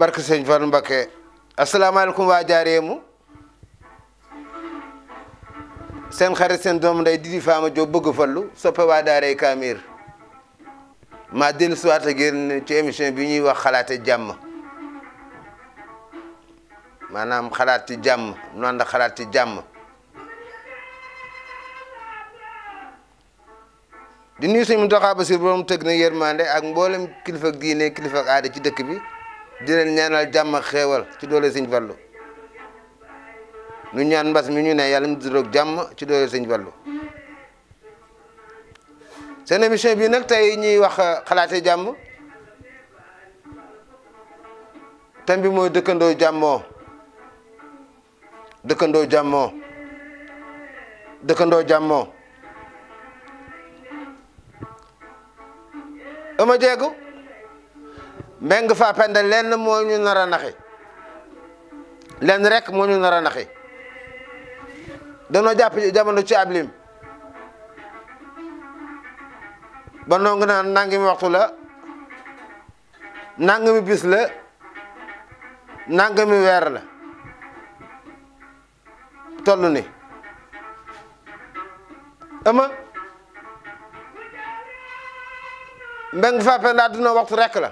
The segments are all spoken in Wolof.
barke sëñ Fallou Mbacké asalaamaaleykum waa jaareemu seen xarit seen doomu nday Didi Fama Diop bëgg fallu soppe waa daaray Kaamir maa dellu siwaat ak ci émission bi ñuy wax xalaate jàmm maanaam xalaat ci jàmm nu ànd xalaat ci jàmm di nuyu suñu mu doxaa ba si borom tëgg na yërmande ak mboolem kilifa diine kilifa aada ci dëkk bi di leen ñaanal jàmm ak xéewal ci doole sëñ Fallu nu ñaan mbas mi ñu ne yàlla ñu duroog jàmm ci doole sëñ Fallu seen émission bi nag tey ñuy wax xalaate jàmm thème bi mooy dëkkandoo jàmmoo dëkkandoo jàmmoo dëkkandoo jàmmoo ama jeegu Mbengue Fapenda lenn moo ñu nar a naxe lenn rek moo ñu nar naxe danoo jàpp jamono ci ab lim ba nongu naan nangami waxtu la nangami bis la nangami weer la toll ni ama Mbengue Fapenda dina waxtu rek la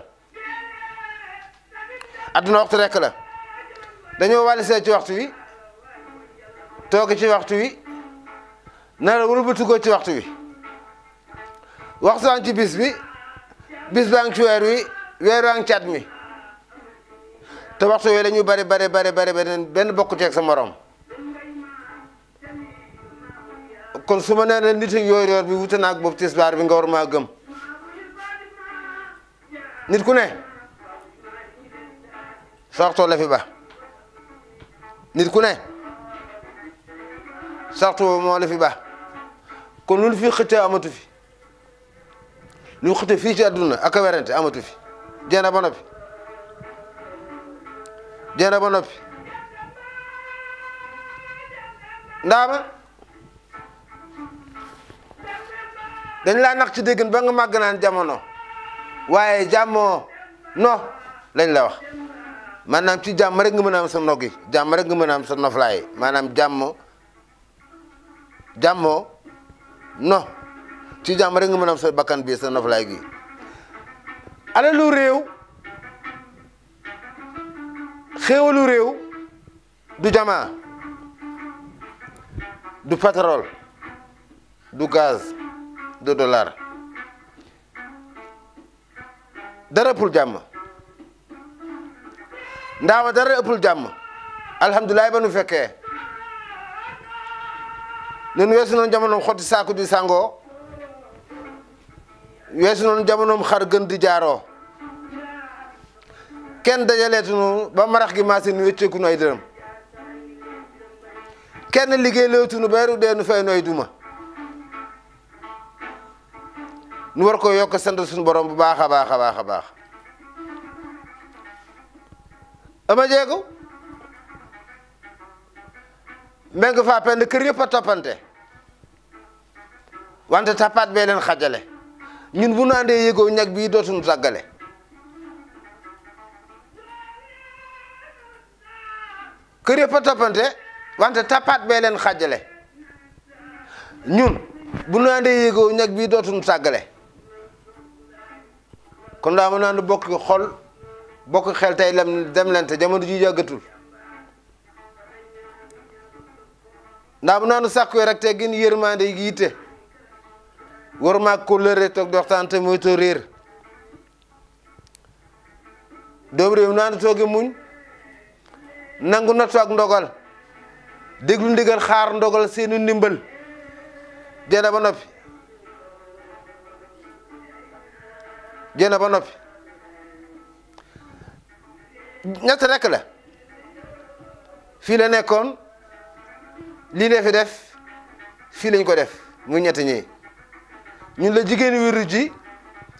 adduna waxtu rekk la dañoo wàllisee ci waxtu wi toog ci waxtu wi nara wëlbati ko ci waxtu wi waxtu ci bis bi bis baa ci weer wi weer waa ci at mi te waxtu yooyu la ñu bari bari bari bari benn bokku ceeg sa morom kon su ma nee na nit ak yooyu yoor bi wute naag boobu tisbaar bi nga war maa gëm nit ku ne sartoo la fi ba nit ku ne sartu moo la fi ba kon lu fi xëccee amatu fi lu xëccee fii ci àdduna ak a werante amatu fi jeex na ba noppi jeex na ba noppi ndaama dañ laa nax ci dégg ba nga màgg naan jamono waaye jàmmoo no lañ la wax maanaam ci jam rek nga mën a am sa noggi jàmm rek nga mën am sa noflaay maanaam jàmm jàmmoo no ci jam rek nga mën a am sa bakkan bi sa noflaay gi alalu réew xéewalu réew du jamaa du pétrole du gaz du dollar dara pour jàmm ndaawa dara ëppul jàmm alhamdulilah ba nu fekkee ñun weesu noonu jamonoom xotti saaku di sangoo weesu noonu jamonoom xar gën di jaaroo kenn dajaleetunu ba marax gi machine wécceeku nooy dërëm kenn liggéey leetunu ba ru deenu fay nooy duma nu war ko yokk sant suñu borom bu baax a baax a baax a baax ama jeego mbeng fa pend kër yëpp a toppante wante tappaat be leen xajale ñun bu nu àndee yëgoo ñag bii dootuñu tàggale kër yëpp a toppante wante tappaat be leen xajale ñun bu nu àndee yëgoo ñag bii dootuñu tàggale kon daa mën naa nu bokk xol bokk xel tey lem dem leen te jamono ji yàggatul ndax bu noonu sàkkuwee rek te gën yërmande yi yitte war maa ko lëre toog doxtaan te moytoo réer doomu réew naan toogi muñ nangu na toog ndogal déglu ndigal xaar ndogal seenu ndimbal jënd ba noppi jënd ba noppi ñetti rek la fii la nekkoon lii la fi def fii lañ ko def mu ñett ñi ñun la jigéen wéru ji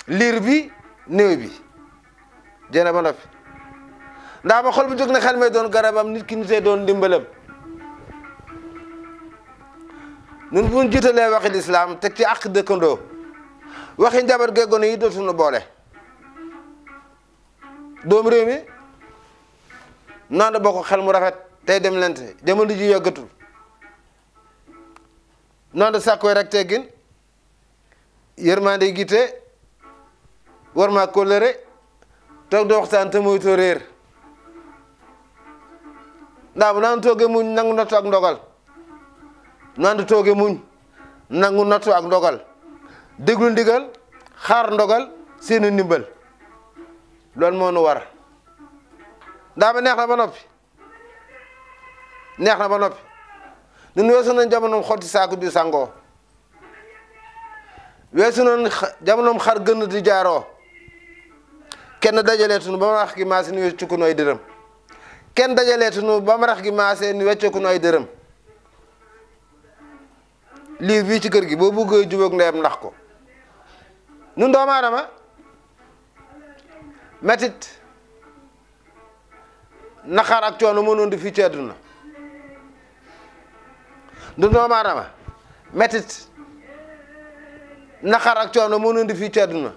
liir bi néew bi jéena ba noppi ndaa ma xol bu jóg ne xel may doon garabam nit ki nitee doon ndimbalam nun buñ jiitalee waxi lislaam teg ci àq dëkkandoo waxi njabar geegone yi dootuñu boole doomu réew mi noo bokk xel mu rafet tey dem lente jamono ji yoggatul noo da sàkkooy rek teggin yërmande gite war maa kóllëre toog di waxtaan te moytoo réer ndaa bu naan toogee muñ nangu nattu ak ndogal naan toogee muñ nangu nattu ak ndogal déglu ndigal xaar ndogal seenu ndimbal loolu moo nu war daa ba neex na ba noppi neex na ba noppi ñun weesu nañ jamonoom xotti saaku di sangoo weesu nañ jamonoom xar gën di jaaroo kenn dajaleetunu ba ma rax gi maase nu weccuku nooy dërëm kenn dajaleetunu ba ma rax gi maase ni nooy dërëm lii bii ci kër gi boo bëggee jubóog ndeyam ndax ko nun doomu metit naqaar ak coono mënoon di fii du doomu metit naqaar ak coono mënoon di fii ci àdduna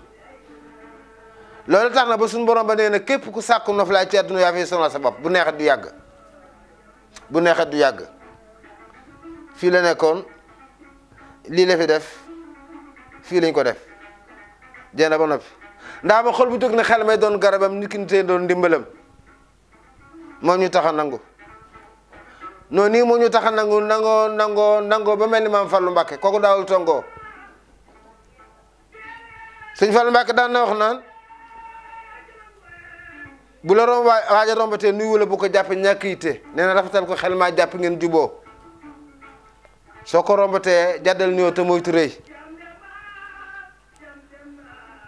loolu tax na ba suñu borom ba nee na képp ku sàkku noflaay ci àdduna yaa fi sonal sa bopp bu neexet du yàgg bu neexet du yàgg fii la nekkoon lii la fi def fii lañ ko def jéem ba noppi ndax ma xol bu jóg ne xel may doon garabam nit ki ñu doon ndimbalam. moo ñu tax a nangu non nii moo ñu tax a nangu nangoo nangoo nangoo ba mel ni maam falu Mbacké kooku daawul tongoo sëñ Fallou Mbacké daan na wax naan bu rombatee nuyu la bu ko jàpp ñàkk yitte nee na rafetal ko xel maa jàpp ngeen juboo soo ko rombatee jàddal nuyoo te moytu rëy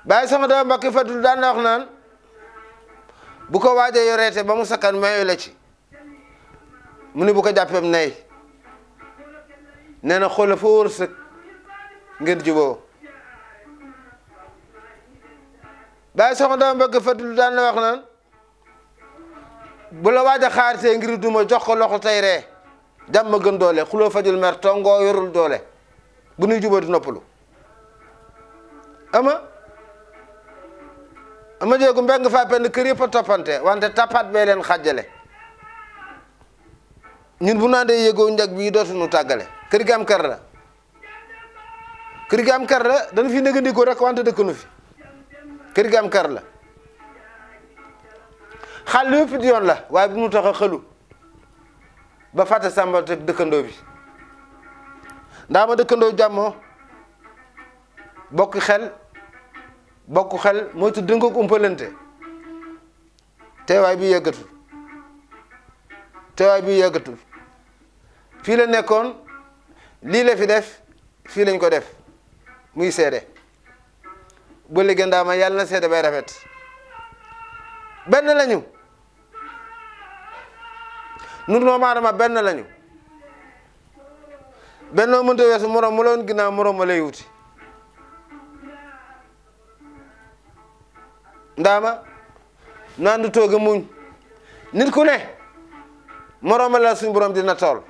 bàyyi sama dama Mbacké Fadul daan na wax naan bu ko waajee yoreete ba mu sakkan mayu la ci mu ni bu ko jàppeem nay nee na xoola fa wërsëg ngeen juboo bàyyi soxna dama bëgg fatul daan la wax naan bu la waaj a xaaritee ngir duma jox ko loxo tey ree jàmm gën doole xuloo fajul mer tongoo yorul doole bu nuy juboo di noppalu ama ama joogu mbeng faa penn kër yëpp a toppante wante tappaat bee leen xajale ñun bu naa dee yëgoo njag bii dootuñu tàggale kër gi am kër la kër gi am kër la dañu fi négandiku rek wante dëkkanu la xal yoon la waaye bu mu tax a xëlu ba fàtte sàmba dëkkandoo bi ndax ma dëkkandoo jàmmoo bokk xel bokk xel moytu dënk ak umpalante teewaay bi yeggatul teewaay bi yeggatul fii la nekkoon lii la fi def fii lañ ko def muy seede bu liggéey ndaama yàlla na seede bay rafet benn lañu nun doomu aadama benn lañu bennoo mënta weesu moroom mu la woon ginnaaw moroom ma lay wuti dama nandu toog a muñ nit ku ne moroom la suñ borom dina tool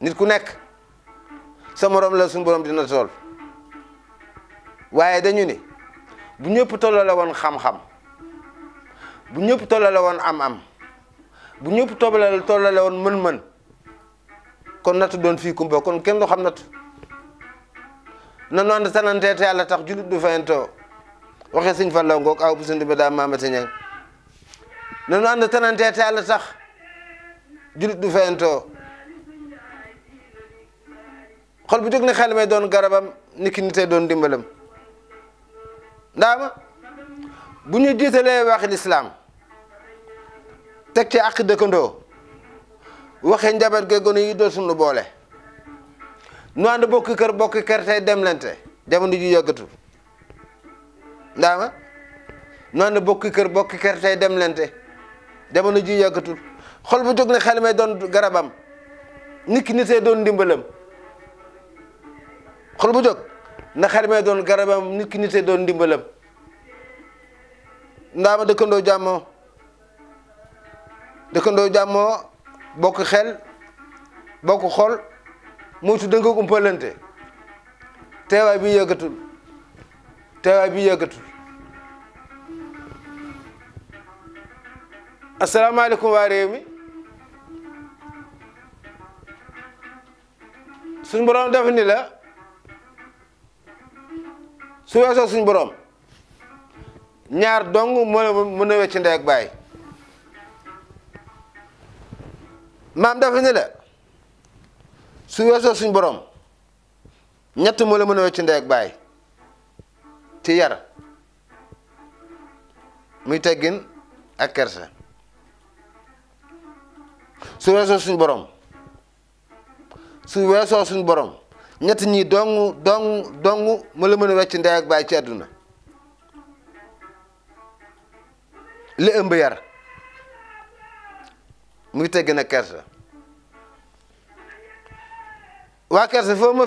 nit ku nekk sa moroom la suñ borom dina tool waaye dañu ni bu ñëpp tolloo la woon xam-xam bu ñëpp tolloo la woon am-am bu ñëpp tolloo tolloo la woon mën-mën kon nattu doon fii kumba kon kenn du xam nattu na noonu tanantee te yàlla tax julit du fayantoo waxee sëñ Fallu ngoog aw bu sund bi daa maamati ñang nanu ànd tanantee te yàlla tax julit du fayantoo xol bu jóg ne xel may doon garabam ni ki doon dimbalam ndaama bu ñu jiitalee waxi lislaam teg ci àq dëkkandoo waxee njaboot ge gone yi doo sunu boole nu ànd bokki kër bokki kër tey demlante jamono ji yàggatu ndaama noonu bokki kër bokki kër tey dem lente ji yàggatul xool bu jog ne xel may doon garabam nit ki nitee doon ndimbalam xol bu jog na xel may doon garabam nit ki nitee doon ndimbalam ndaama dëkkandoo jàmmoo dëkkandoo jàmmoo bokk xel bokk xol moytu dënga umpalante teewaay bi yàggatul teewaay bi yëggatul asalaamaaleykum waa réew mi suñ borom def ni la su weesoo suñ borom ñaar dong mën mën a wecci ndey ak baay maam def ni la su weesoo suñ borom ñett moo la mën a wecci ndey ak baay ci yar muy teggin ak kerse su weesoo suñu borom su weesoo suñu borom ñett ñi dong dong dong ma la mën a wecc ndey ak baay ci àdduna li ëmb yar muy teggin ak kersa waa kersa foo ma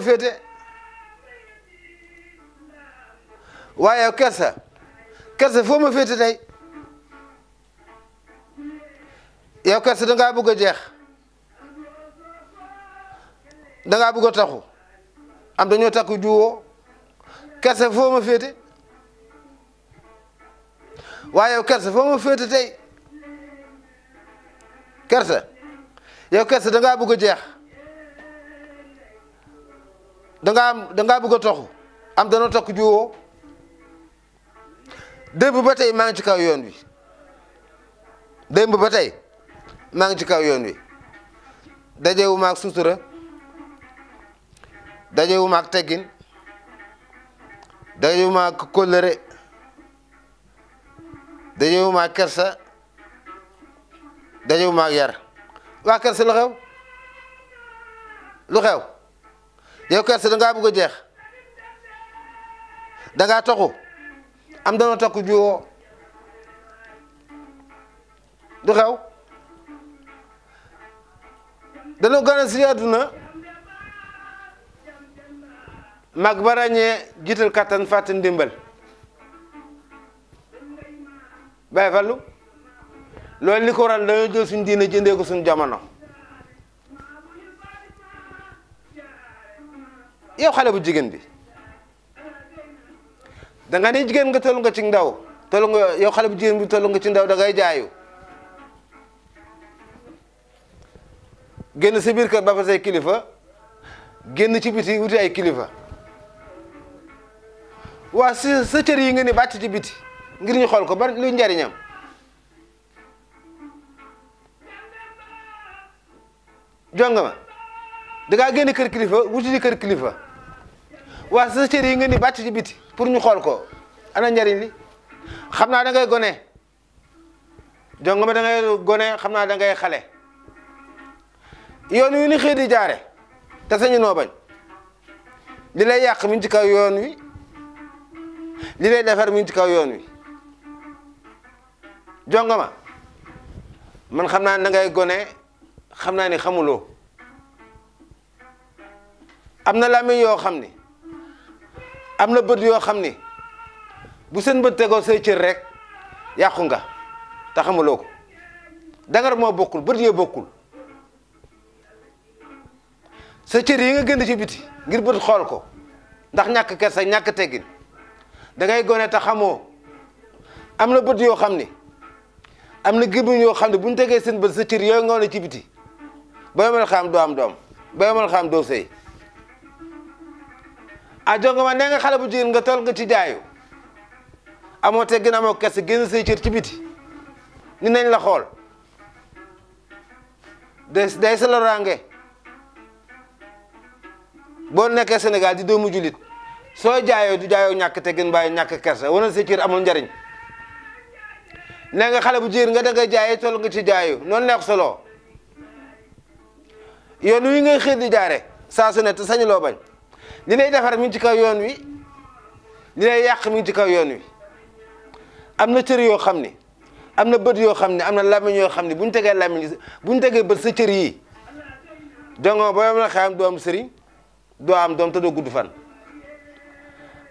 waaye kersa kersa foo ma féete tey yow kersa da ngaa bëgg a jeex danga ngaa a taxu am dañoo takku juwoo kersa foo ma féete waaye yow kersa foo ma féete tey kerse yow kersa da ngaa bëgg a jeex danga ngaa da ngaa bëgg taxu am dañoo takku juwoo démb ba tey maa ngi yoon wi démb ba tey maa ngi ci kaw yoon wi dajewu maag sutura dajewu maag teggin dajewu maag kóllëre dajewu maag kersa dajewu maag yar waa kerse lu xew lu xew yow kerse dangaa bëgg a jeex dangaa toxu am dana takku juwoo du xew danu gën si àdduna mag ba ràññee jiital kàttan fàtte ndimbal bàyyi fallu loolu li ko waral dañoo jël suñ diine jëndee ko suñ jamono yow xale bu jigéen bi da nga jigéen nga toll nga ci ndaw toll nga yow xale bu jigéen bu toll nga ci ndaw da ngay jaayu génn sa biir kër ba fa kilifa génn ci biti wut ay kilifa waa sa sa cër yi nga ne bàcc ci biti ngir ñu xool ko ba luy njariñam jonga ma da ngaa génn kër kilifa wuti di kër kilifa waa sa cër yi nga ni bàcc ci biti pour ñu xool ko ana njariñ li xam naa da gone jongo ma xam naa da xale yoon wi ni xëy di jaare te sañu noo bañ li yàq mi ngi yoon wi li lay defar mi ngi ci kaw yoon wi jongo man xam naa da ngay gone xam naa ni xamuloo am na làmmiñ yoo xam ni am na bët yoo xam ni bu seen bët tegoo say cër rek yàqu nga te xamuloo ko dangar moo bokkul bët yee bokkul sa cër yi nga gën ci biti ngir bët xool ko ndax ñàkk kersa ñàkk teggin da ngay gone te xamoo am na bët yoo xam ni am na gémmiñ yoo xam ne bu tegee seen bët sa cër yooyu nga ne ci biti ba yomal xam doo am doom ba yomal xam doo sëy a jonga ma nee nga xale bu jigéen nga toll nga ci jaayu amoo te gën amoo kese génn say cër ci biti ni nañ la xool day day sa boo nekkee senegal di doomu julit soo jaayoo du jaayoo ñàkk te gën bàyyi ñàkk kersa wane sa cër amul njariñ nee nga xale bu jigéen nga da nga jaayee toll nga ci jaayu noonu neex solo yoon wi ngay xëy di jaare saa su ne te sañuloo bañ li lay defar mi ci kaw yoon wi li lay yàq mi ngi ci kaw yoon wi am na cër yoo xam ni am na bët yoo xam ne am na làmmiñ yoo xam ne bu ñu tegee làmmiñ bu ñu tegee bët sa cër yi jongo ba yom la xayam doo am sëriñ doo doom te doo gudd fan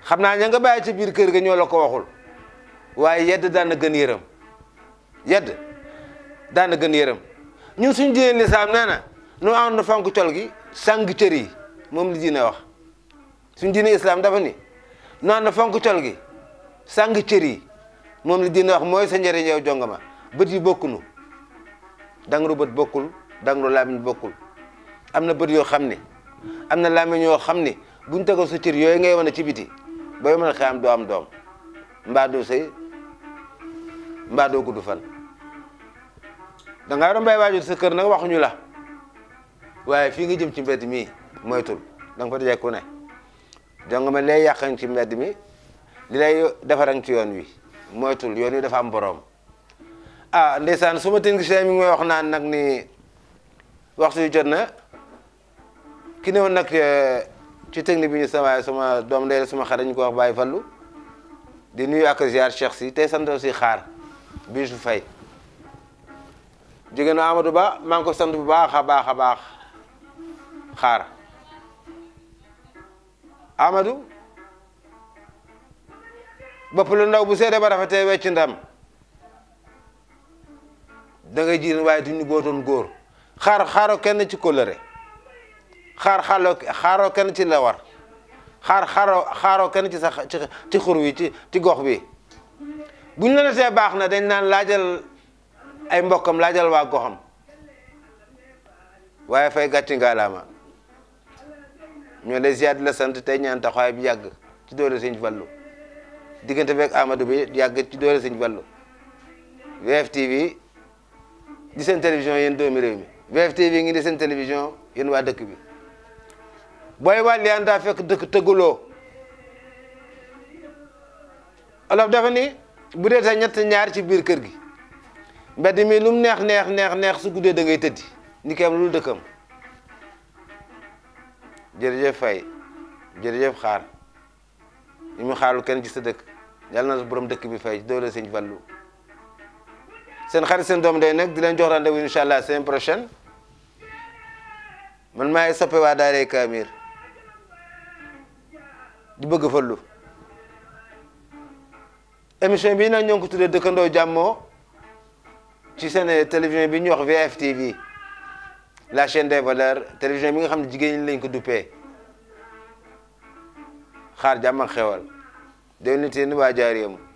xam naa ña nga bàyyi ci biir kër ga ñoo la ko waxul waaye yedd daan na gën yërëm yedd daan na gën yërëm ñun suñ jigéen lislaam nee na nu ànd fonk col gi sàng cër yi moom li diine wax suñ diine islam dafa ni naan na fonk col gi sàng cër yi moom la diine wax mooy sa njëriñ yow jongama bët yi bokkunu dangru bët bokkul dangru làmmiñ bokkul am na bët yoo xam ne am na làmmiñ yoo xam ne buñ tegal sa cër yooyu ngay wane ci biti ba mën a xam doo am doom mbaa doo sëy mbaa doo gudd fan dangaa doon bàyyi waajur sa kër nag waxuñu la waaye fii nga jëm ci mbedd mii moytul da nga fa daje ku donc ma lay yàqan ci mbedd mi li lay defaran ci yoon wi moytul yoon wi dafa am boroom ah ndeysaan suma ma technicien mi ngi may wax naan nag ni waxtu yu jot na ki ne woon nag eh, ci technique bi ñu sama sama doom ndey suma xar dañu ko wax Baye Fallou di nuyu ak ziar Cheikh si te sant si xaar bii su fay jóge na Amadou Ba maa ngi ko sant bu baax a baax a baax xaar. Amadou bopp lu ndaw bu seede ba rafetee wecc ndam da ngay jiir waaye du ñu góotoon góor xaar xaaroo kenn ci kóllëre xaar xaaroo kenn ci la war xaar xaaroo kenn ci sa ci xur wi ci gox wi bu ñu la netee baax na dañ naan laajal ay mbokkam laajal waa goxam waaye fay gàcci ngaalaama ñoo lay ziar di la sant tey ñaan taxawaay bi yàgg ci doole sëñ Fallu diggante beeg Amadou bi yàgg ci doole sëñ Fallu VFTV di seen télévision yéen doomi réew mi VFTV ngi di seen télévision yéen waa dëkk bi booy waa liyaan daa fekk dëkk tëgguloo olof dafa ni bu dee ta ñett ñaar ci biir kër gi mbedd mi lu mu neex neex neex su guddee da ngay tëddi ni ki am lu dëkkam jërëjëf Faye jërëjëf xaar ñu mu xaarul kenn ci sa dëkk yàlla na borom dëkk bi fay doole sëñ Fallou seen xarit seen doom day nekk di leen jox rendez-vous incha allah semaine prochaine man maay soppe waa daaree Kaamir di bëgg Fallou émission bi nag ñoo ngi ko tuddee dëkkandoo jàmmoo ci seen télévision bi ñuy wax VFTV la chaîne des valeurs télévision bi nga xam ne jigéen ñi lañ ko duppee. xaar jàmm ak xewal déwén it waa jaaree